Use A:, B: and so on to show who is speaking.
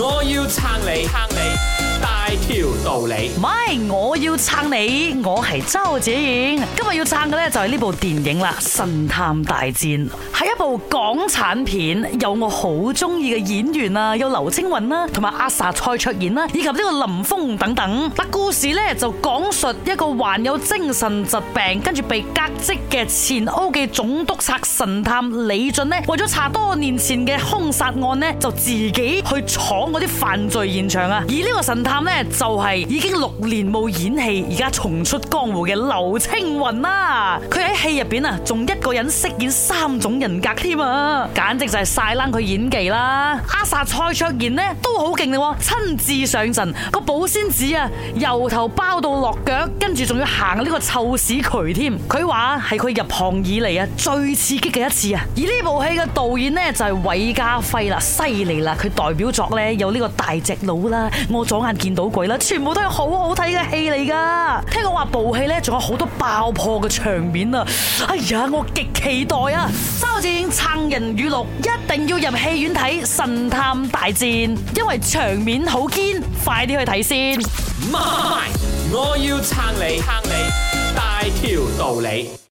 A: 我要撐
B: 你，撐你大條道理。唔係，我要撐你。我係周子賢，今日要撐嘅呢，就係呢部電影啦，《神探大戰》係一部港產片，有我好中意嘅演員啊，有劉青雲啦，同埋阿 sa 蔡卓妍啦，以及呢個林峯等等。嗱，故事呢，就講述一個患有精神疾病跟住被革職嘅前歐嘅總督察神探李俊。呢，為咗查多年前嘅兇殺案呢就自己去闖。嗰啲犯罪現場啊，而呢個神探呢，就係、是、已經六年冇演戲而家重出江湖嘅劉青雲啦，佢喺戲入邊啊，仲一個人飾演三種人格添啊，簡直就係晒冷佢演技啦。阿 s 蔡卓妍呢，都好勁嘅，親自上陣個保仙子啊，由頭包到落腳，跟住仲要行呢個臭屎渠添，佢話係佢入行以嚟啊最刺激嘅一次啊。而呢部戲嘅導演呢，就係、是、韋家輝啦，犀利啦，佢代表作咧，有呢個大隻佬啦，我左眼見到鬼啦，全部都係好好睇嘅戲嚟噶。聽講話部戲咧，仲有好多爆破嘅場面啊！哎呀，我極期待啊！收正撐人語錄，一定要入戲院睇《神探大戰》，因為場面好堅，快啲去睇先。
A: 媽咪，我要撐你，撐你，大條道理。